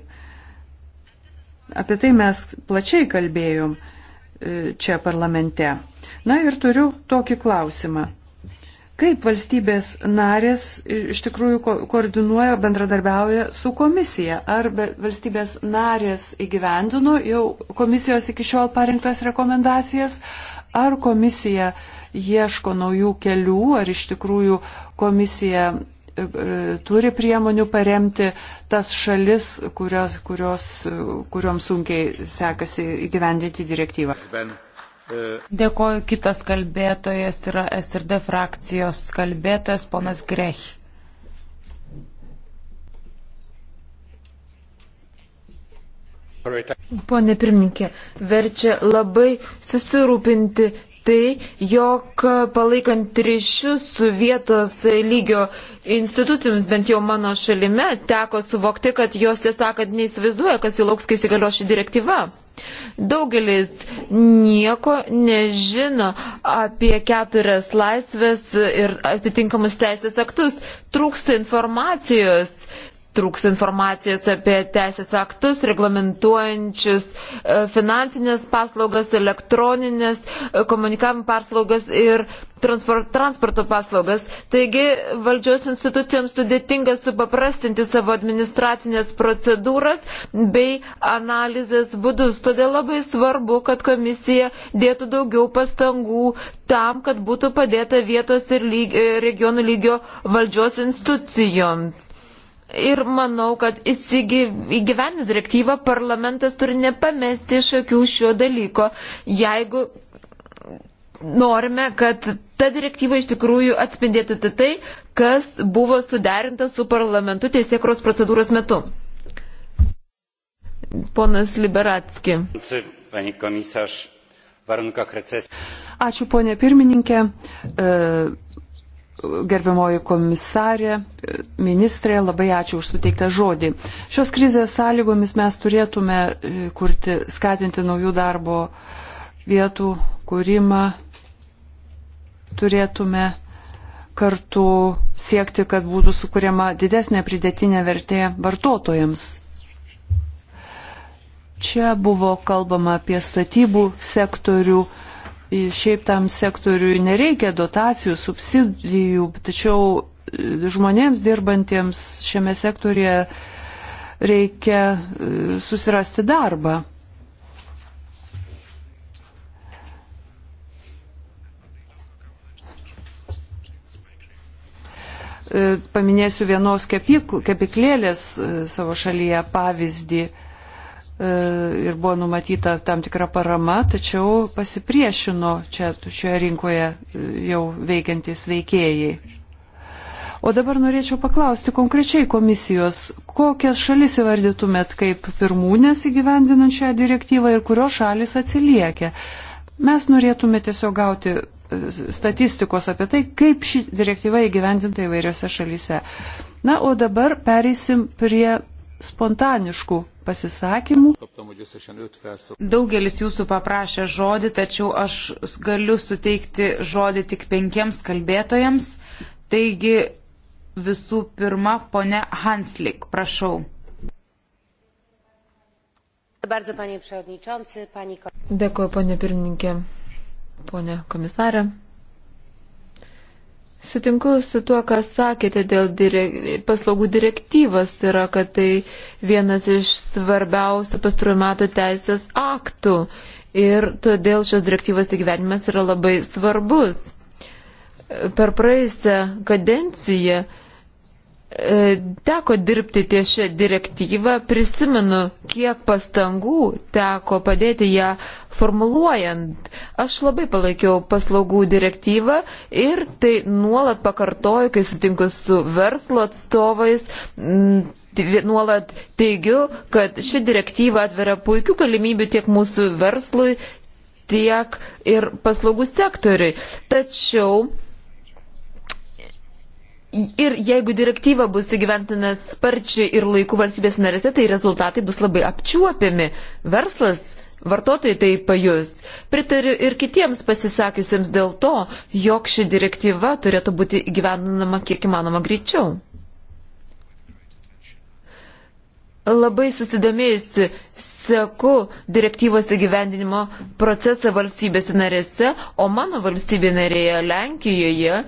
Apie tai mes plačiai kalbėjom e, čia parlamente. Na ir turiu tokį klausimą. Kaip valstybės narės iš tikrųjų ko koordinuoja, bendradarbiauja su komisija? Ar valstybės narės įgyvendino jau komisijos iki šiol parinktas rekomendacijas, ar komisija ieško naujų kelių, ar iš tikrųjų komisija e, e, turi priemonių paremti tas šalis, kurios, kurios, e, kuriuom sunkiai sekasi įgyvendinti direktyvą. Ben. Dėkoju, kitas kalbėtojas yra SRD frakcijos kalbėtojas ponas Grech. Pone pirmininkė, verčia labai susirūpinti tai, jog palaikant ryšius su vietos lygio institucijomis, bent jau mano šalime, teko suvokti, kad jos tiesą sakant neįsivaizduoja, kas jų lauks, kai įsigalios ši direktyva. Daugelis nieko nežino apie keturias laisvės ir atitinkamus teisės aktus. Trūksta informacijos trūks informacijos apie teisės aktus, reglamentuojančius e, finansinės paslaugas, elektroninės e, komunikavimo paslaugas ir transporto paslaugas. Taigi valdžios institucijoms sudėtinga supaprastinti savo administracinės procedūras bei analizės būdus. Todėl labai svarbu, kad komisija dėtų daugiau pastangų tam, kad būtų padėta vietos ir lyg, regionų lygio valdžios institucijoms ir manau, kad įgyvenęs direktyvą parlamentas turi nepamesti iš akių šio dalyko, jeigu norime, kad ta direktyva iš tikrųjų atspindėtų tai, tai kas buvo suderinta su parlamentu teisėkros procedūros metu. Ponas Liberatski. Ačiū, ponė pirmininkė. E gerbiamoji komisarė, ministrė, labai ačiū už suteiktą žodį. Šios krizės sąlygomis mes turėtume e, kurti, skatinti naujų darbo vietų kūrimą, turėtume kartu siekti, kad būtų sukūriama didesnė pridėtinė vertė vartotojams. Čia buvo kalbama apie statybų sektorių, Šiaip tam sektoriui nereikia dotacijų, subsidijų, tačiau e, žmonėms dirbantiems šiame sektorėje reikia e, susirasti darbą. E, paminėsiu vienos kepyklėlės savo šalyje pavyzdį E, ir buvo numatyta tam tikra parama, tačiau pasipriešino čia šioje rinkoje e, jau veikiantys veikėjai. O dabar norėčiau paklausti konkrečiai komisijos, kokias šalis įvardytumėt kaip pirmūnės įgyvendinant šią direktyvą ir kurios šalis atsiliekia. Mes norėtume tiesiog gauti e, statistikos apie tai, kaip ši direktyva įgyvendinta įvairiose šalyse. Na, o dabar pereisim prie spontaniškų pasisakymų. Daugelis jūsų paprašė žodį, tačiau aš galiu suteikti žodį tik penkiems kalbėtojams. Taigi visų pirma, ponė Hanslik, prašau. Dėkuoju, ponė pirmininkė, ponė komisarė. Sutinku su tuo, ką sakėte dėl direk... paslaugų direktyvas, tai yra, kad tai vienas iš svarbiausių pastarųjų metų teisės aktų ir todėl šios direktyvos įgyvenimas yra labai svarbus. Per praeisę kadenciją E, teko dirbti ties šią direktyvą, prisimenu, kiek pastangų teko padėti ją formuluojant. Aš labai palaikiau paslaugų direktyvą ir tai nuolat pakartoju, kai sutinku su verslo atstovais. Mm, nuolat teigiu, kad ši direktyva atveria puikių galimybių tiek mūsų verslui, tiek ir paslaugų sektoriui. Tačiau Ir jeigu direktyva bus įgyventina sparčiai ir laiku valstybės narėse, tai rezultatai bus labai apčiuopiami. Verslas, vartotojai tai pajus. Pritariu ir kitiems pasisakiusiems dėl to, jog ši direktyva turėtų būti įgyvendinama kiek įmanoma greičiau. Labai susidomėjusi seku direktyvos įgyvendinimo procesą valstybėse narėse, o mano valstybė narėje Lenkijoje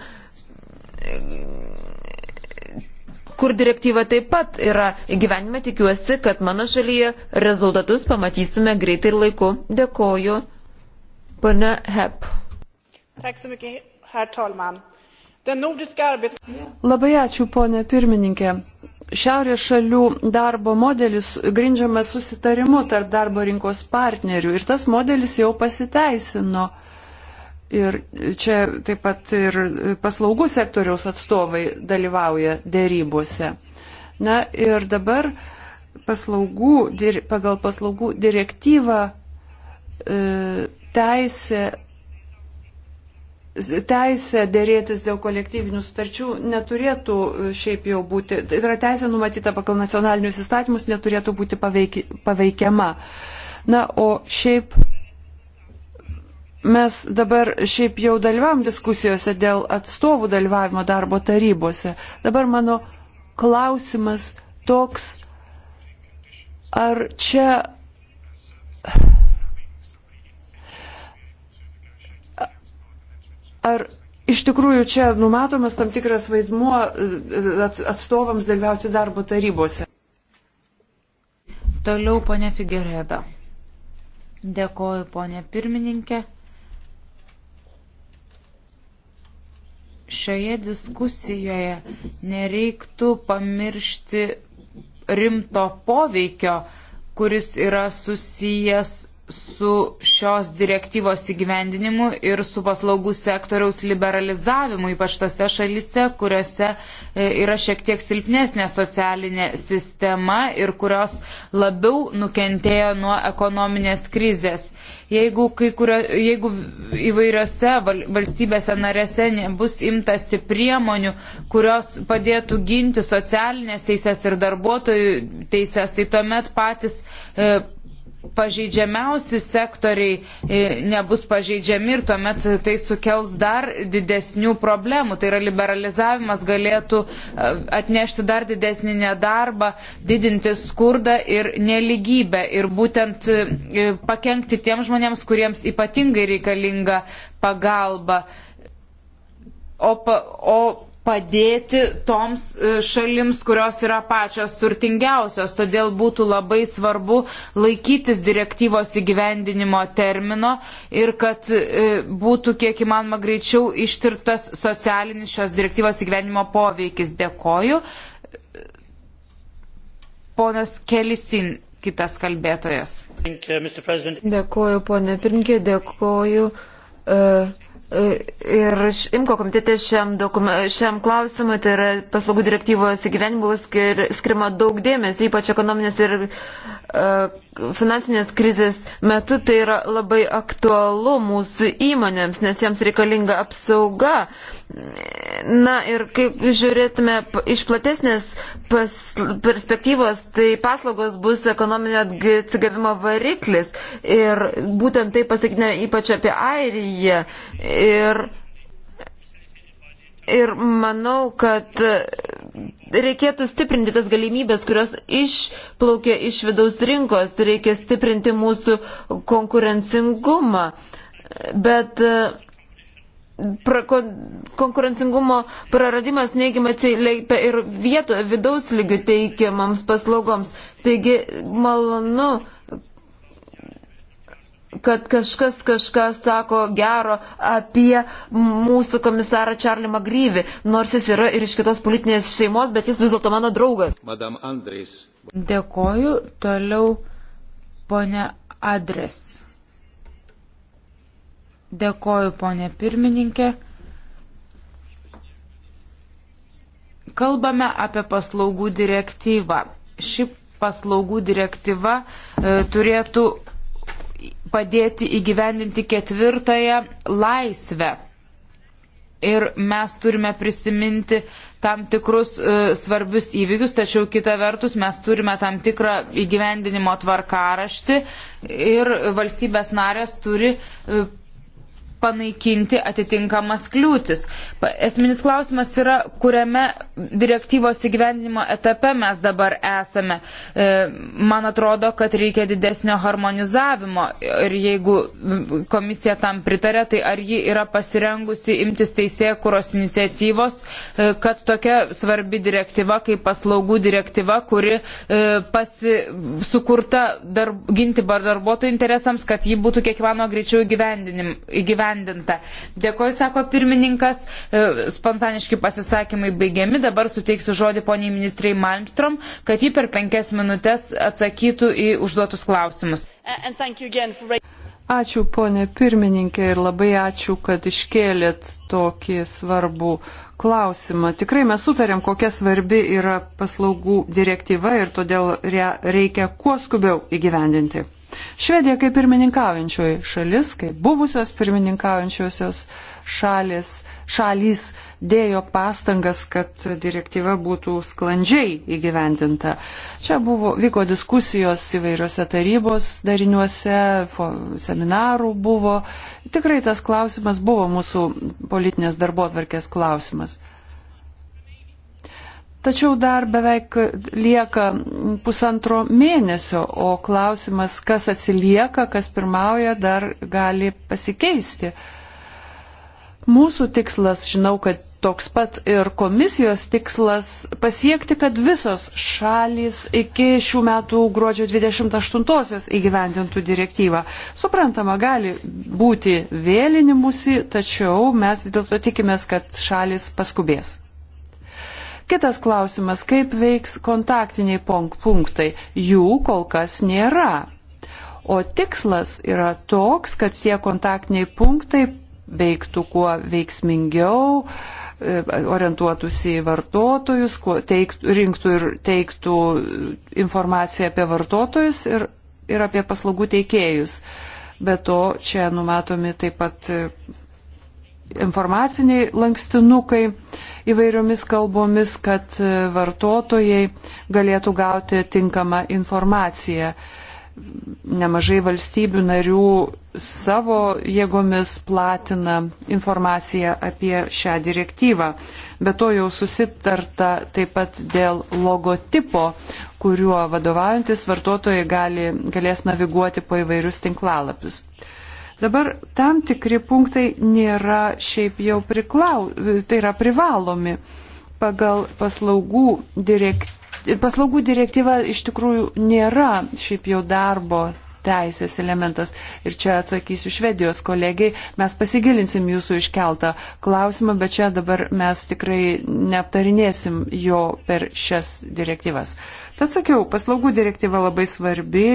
kur direktyva taip pat yra gyvenime. Tikiuosi, kad mano šalyje rezultatus pamatysime greitai ir laiku. Dėkoju. Pane Hep. Labai ačiū, ponė pirmininkė. Šiaurės šalių darbo modelis grindžiamas susitarimu tarp darbo rinkos partnerių ir tas modelis jau pasiteisino. Ir čia taip pat ir paslaugų sektoriaus atstovai dalyvauja dėrybose. Na ir dabar paslaugų, pagal paslaugų direktyvą e, teisė, teisė dėrėtis dėl kolektyvinių sutarčių neturėtų šiaip jau būti, tai yra teisė numatyta pagal nacionalinius įstatymus, neturėtų būti paveiki, paveikiama. Na, o šiaip Mes dabar šiaip jau dalyvavom diskusijose dėl atstovų dalyvavimo darbo tarybose. Dabar mano klausimas toks, ar čia ar iš tikrųjų čia numatomas tam tikras vaidmuo e, atstovams dalyvauti darbo tarybose? Toliau ponė Figereda. Dėkoju ponė pirmininkė. šioje diskusijoje nereiktų pamiršti rimto poveikio, kuris yra susijęs su šios direktyvos įgyvendinimu ir su paslaugų sektoriaus liberalizavimu, ypač tose šalise, kuriuose e, yra šiek tiek silpnesnė socialinė sistema ir kurios labiau nukentėjo nuo ekonominės krizės. Jeigu, kurio, jeigu įvairiose valstybėse narėse bus imtasi priemonių, kurios padėtų ginti socialinės teises ir darbuotojų teises, tai tuomet patys e, pažeidžiamiausi sektoriai e, nebus pažeidžiami ir tuomet tai sukels dar didesnių problemų. Tai yra liberalizavimas galėtų e, atnešti dar didesnį nedarbą, didinti skurdą ir neligybę ir būtent e, pakengti tiem žmonėms, kuriems ypatingai reikalinga pagalba. O, pa, o padėti toms e, šalims, kurios yra pačios turtingiausios. Todėl būtų labai svarbu laikytis direktyvos įgyvendinimo termino ir kad e, būtų kiek įmanoma greičiau ištirtas socialinis šios direktyvos įgyvendinimo poveikis. Dėkoju. Ponas Kelisin, kitas kalbėtojas. Dėkoju, ponė Pirinkė, dėkoju. Uh Ir Imko komitete šiam, šiam klausimui, tai yra paslaugų direktyvos įgyvenimų skir skirima daug dėmesio, ypač ekonominės ir e, finansinės krizės metu, tai yra labai aktualu mūsų įmonėms, nes jiems reikalinga apsauga Na ir kaip žiūrėtume iš platesnės pas, perspektyvos, tai paslaugos bus ekonominio atsigavimo variklis. Ir būtent tai pasakytume ypač apie Airiją. Ir, ir manau, kad reikėtų stiprinti tas galimybės, kurios išplaukia iš vidaus rinkos. Reikia stiprinti mūsų konkurencingumą. Bet uh, pra, kon, konkurencingumo praradimas neigiamai atsiliepia ir vieto, vidaus lygių teikiamams paslaugoms. Taigi malonu, kad kažkas kažką sako gero apie mūsų komisarą Čarlį Magryvį, nors jis yra ir iš kitos politinės šeimos, bet jis vis dėlto mano draugas. Dėkoju. Toliau, ponia Adres. Dėkoju, ponė pirmininkė. Kalbame apie paslaugų direktyvą. Ši paslaugų direktyva e, turėtų padėti įgyvendinti ketvirtąją laisvę. Ir mes turime prisiminti tam tikrus e, svarbius įvykius, tačiau kita vertus mes turime tam tikrą įgyvendinimo tvarkaraštį ir valstybės narės turi e, panaikinti atitinkamas kliūtis. Esminis klausimas yra, kuriame direktyvos įgyvendinimo etape mes dabar esame. E, man atrodo, kad reikia didesnio harmonizavimo ir jeigu komisija tam pritarė, tai ar ji yra pasirengusi imtis teisėje kuros iniciatyvos, e, kad tokia svarbi direktyva kaip paslaugų direktyva, kuri e, pasi, sukurta dar, ginti darbuotojų interesams, kad ji būtų kiekvieno greičiau įgyvendinama įgyvendinta. Dėkoju, sako pirmininkas. E, spontaniški pasisakymai baigiami. Dabar suteiksiu žodį poniai ministrei Malmstrom, kad ji per penkias minutės atsakytų į užduotus klausimus. Ačiū, ponė pirmininkė, ir labai ačiū, kad iškėlėt tokį svarbų klausimą. Tikrai mes sutarėm, kokia svarbi yra paslaugų direktyva ir todėl reikia kuo skubiau įgyvendinti. Švedija kaip pirmininkaujančioji šalis, kaip buvusios pirmininkaujančiosios šalis, šalys dėjo pastangas, kad direktyva būtų sklandžiai įgyvendinta. Čia buvo, vyko diskusijos įvairiose tarybos dariniuose, seminarų buvo. Tikrai tas klausimas buvo mūsų politinės darbo atvarkės klausimas. Tačiau dar beveik lieka pusantro mėnesio, o klausimas, kas atsilieka, kas pirmauja, dar gali pasikeisti. Mūsų tikslas, žinau, kad toks pat ir komisijos tikslas pasiekti, kad visos šalys iki šių metų gruodžio 28-osios įgyvendintų direktyvą. Suprantama, gali būti vėlinimusi, tačiau mes vis dėlto tikimės, kad šalis paskubės. Kitas klausimas, kaip veiks kontaktiniai punktai? Jų kol kas nėra. O tikslas yra toks, kad tie kontaktiniai punktai veiktų kuo veiksmingiau, e, orientuotųsi į vartotojus, teiktų, rinktų ir teiktų informaciją apie vartotojus ir, ir apie paslaugų teikėjus. Be to, čia numatomi taip pat e, informaciniai lankstinukai įvairiomis kalbomis, kad e, vartotojai galėtų gauti tinkamą informaciją. Nemažai valstybių narių savo jėgomis platina informaciją apie šią direktyvą. Be to jau susitarta taip pat dėl logotipo, kuriuo vadovaujantis vartotojai gali, galės naviguoti po įvairius tinklalapius. Dabar tam tikri punktai nėra šiaip jau priklau, tai yra privalomi pagal paslaugų direktyvą. Paslaugų direktyva iš tikrųjų nėra šiaip jau darbo teisės elementas. Ir čia atsakysiu švedijos kolegiai, mes pasigilinsim jūsų iškeltą klausimą, bet čia dabar mes tikrai neaptarinėsim jo per šias direktyvas. Tad sakiau, paslaugų direktyva labai svarbi,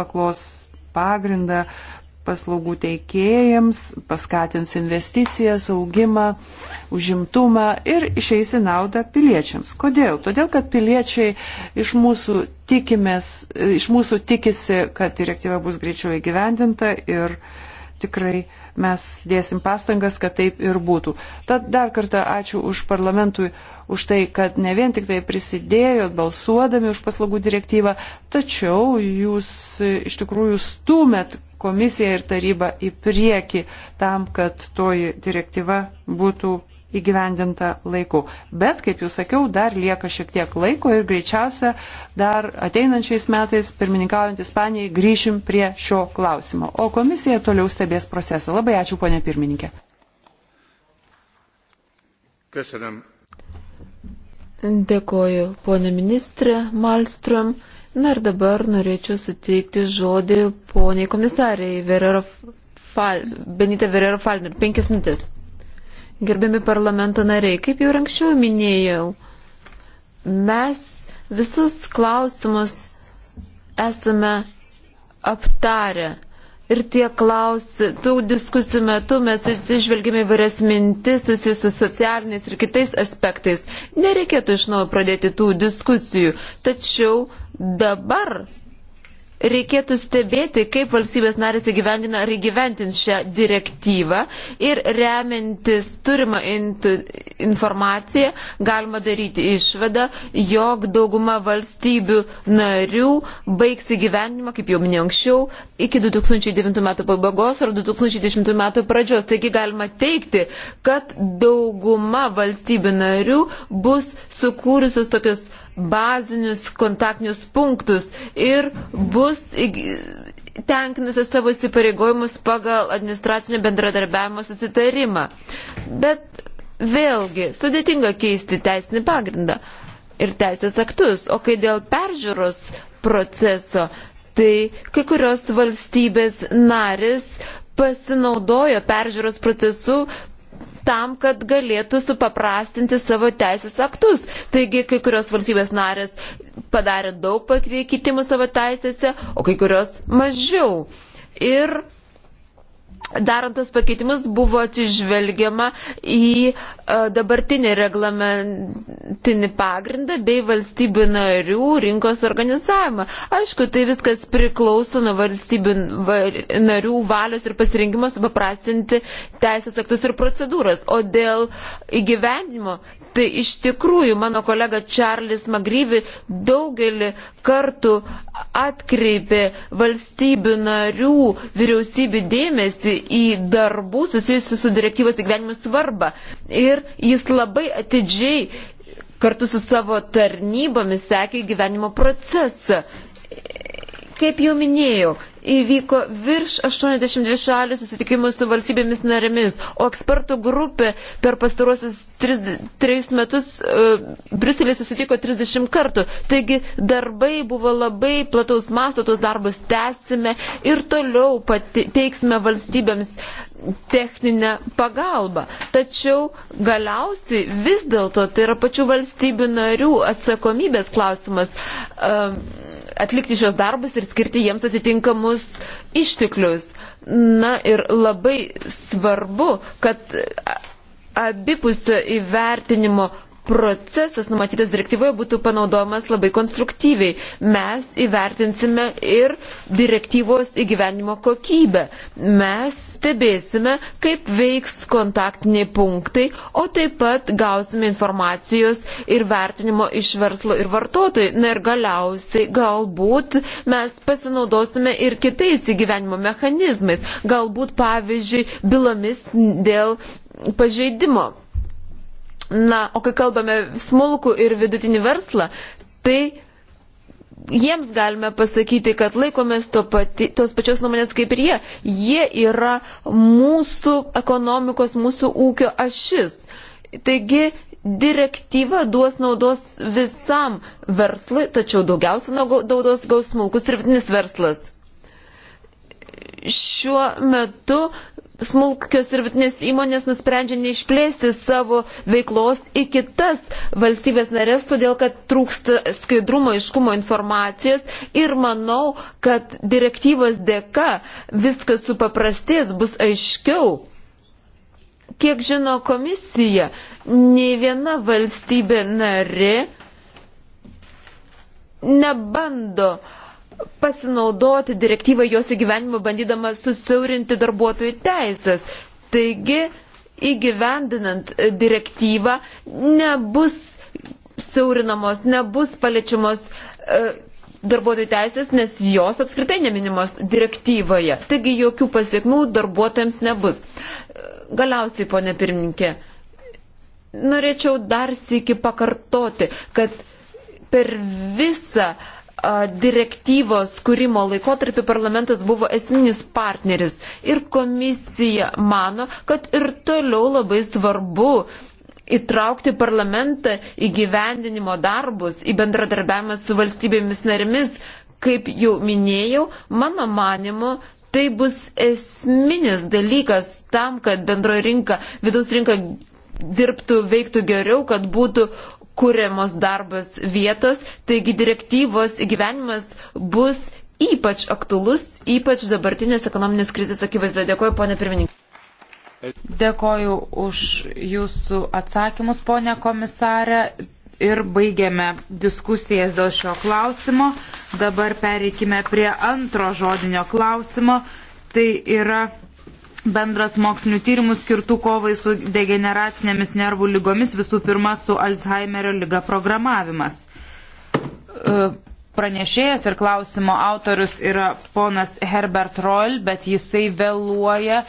paklos pagrindą, paslaugų teikėjams, paskatins investicijas, augimą, užimtumą ir išeis į naudą piliečiams. Kodėl? Todėl, kad piliečiai iš mūsų, tikimės, iš mūsų tikisi, kad direktyva bus greičiau įgyvendinta ir tikrai mes dėsim pastangas, kad taip ir būtų. Tad dar kartą ačiū už parlamentui, už tai, kad ne vien tik tai prisidėjot balsuodami už paslaugų direktyvą, tačiau jūs iš tikrųjų stumėt komisija ir taryba į priekį tam, kad toji direktyva būtų įgyvendinta laiku. Bet, kaip jau sakiau, dar lieka šiek tiek laiko ir greičiausia dar ateinančiais metais, pirmininkaujant Ispanijai, grįšim prie šio klausimo. O komisija toliau stebės procesą. Labai ačiū, ponė pirmininkė. Köszönöm. Dėkoju, ponė ministrė Malstrom. Na ir dabar norėčiau suteikti žodį poniai komisariai Verero Fal... Benita Verero Falner. Penkias minutės. Gerbiami parlamento nariai, kaip jau anksčiau minėjau, mes visus klausimus esame aptarę. Ir tie klausimai, tų diskusijų metu mes išvelgėme įvairias mintis susijusius socialiniais ir kitais aspektais. Nereikėtų iš naujo pradėti tų diskusijų, tačiau Dabar reikėtų stebėti, kaip valstybės narės įgyvendina ar įgyventins šią direktyvą ir remiantis turimą informaciją galima daryti išvadą, jog dauguma valstybių narių baigs įgyvendinimą, kaip jau minėjau anksčiau, iki 2009 metų pabaigos ar 2010 metų pradžios. Taigi galima teikti, kad dauguma valstybių narių bus sukūrusios tokius bazinius kontaktinius punktus ir bus tenkinusios savo įsipareigojimus pagal administracinio bendradarbiavimo susitarimą. Bet vėlgi sudėtinga keisti teisinį pagrindą ir teisės aktus, o kai dėl peržiūros proceso, tai kai kurios valstybės narės pasinaudojo peržiūros procesu tam, kad galėtų supaprastinti savo teisės aktus. Taigi, kai kurios valstybės narės padarė daug pakeitimų savo teisėse, o kai kurios mažiau. Ir Darant tas pakeitimus buvo atsižvelgiama į e, dabartinį reglamentinį pagrindą bei valstybių narių rinkos organizavimą. Aišku, tai viskas priklauso nuo valstybių narių valios ir pasirinkimo supaprastinti teisės aktus ir procedūras. O dėl įgyvendimo, tai iš tikrųjų mano kolega Čarlis Magryvi daugelį kartų atkreipė valstybių narių vyriausybių dėmesį į darbų susijusių su direktyvos įgyvenimo svarbą. Ir jis labai atidžiai kartu su savo tarnybomis sekė gyvenimo procesą. Kaip jau minėjau, įvyko virš 82 šalių susitikimų su valstybėmis narėmis, o ekspertų grupė per pastaruosius 3 metus uh, e, Briuselėje susitiko 30 kartų. Taigi darbai buvo labai plataus masto, tuos darbus tęsime ir toliau pateiksime valstybėms techninę pagalbą. Tačiau galiausiai vis dėlto tai yra pačių valstybių narių atsakomybės klausimas. Uh, atlikti šios darbus ir skirti jiems atitinkamus išteklius. Na ir labai svarbu, kad abipusio įvertinimo procesas numatytas direktyvoje būtų panaudojamas labai konstruktyviai. Mes įvertinsime ir direktyvos įgyvenimo kokybę. Mes stebėsime, kaip veiks kontaktiniai punktai, o taip pat gausime informacijos ir vertinimo iš verslo ir vartotojų. Na ir galiausiai galbūt mes pasinaudosime ir kitais įgyvenimo mechanizmais. Galbūt, pavyzdžiui, bylomis dėl pažeidimo. Na, o kai kalbame smulkų ir vidutinį verslą, tai jiems galime pasakyti, kad laikomės to pati, tos pačios nuomonės kaip ir jie. Jie yra mūsų ekonomikos, mūsų ūkio ašis. Taigi direktyva duos naudos visam verslui, tačiau daugiausia naudos gaus smulkus ir vidinis verslas. Šiuo metu smulkios ir vidutinės įmonės nusprendžia neišplėsti savo veiklos į kitas valstybės narės, todėl kad trūksta skaidrumo, iškumo informacijos ir manau, kad direktyvos dėka viskas supaprastės, bus aiškiau. Kiek žino komisija, nei viena valstybė nari nebando uh, pasinaudoti direktyvą jos įgyvenimą, bandydama susiaurinti darbuotojų teisės. Taigi, įgyvendinant direktyvą, nebus siaurinamos, nebus paliečiamos e, darbuotojų teisės, nes jos apskritai neminimos direktyvoje. Taigi jokių pasiekmių darbuotojams nebus. Galiausiai, ponė pirmininkė, norėčiau dar sėki pakartoti, kad per visą uh, direktyvos kūrimo laikotarpį parlamentas buvo esminis partneris ir komisija mano, kad ir toliau labai svarbu įtraukti parlamentą į gyvendinimo darbus, į bendradarbiavimą su valstybėmis narimis. Kaip jau minėjau, mano manimu, tai bus esminis dalykas tam, kad bendroji rinka, vidaus rinka dirbtų, veiktų geriau, kad būtų kūriamos darbas vietos, taigi direktyvos įgyvenimas bus ypač aktualus, ypač dabartinės ekonominės krizės akivaizdoje. Dėkuoju, ponė pirmininkė. Dėkoju už jūsų atsakymus, ponė komisarė. Ir baigiame diskusijas dėl šio klausimo. Dabar pereikime prie antro žodinio klausimo. Tai yra bendras mokslinių tyrimų skirtų kovai su degeneracinėmis nervų lygomis, visų pirma su Alzheimerio lyga programavimas. E, pranešėjas ir klausimo autorius yra ponas Herbert Roll, bet jisai vėluoja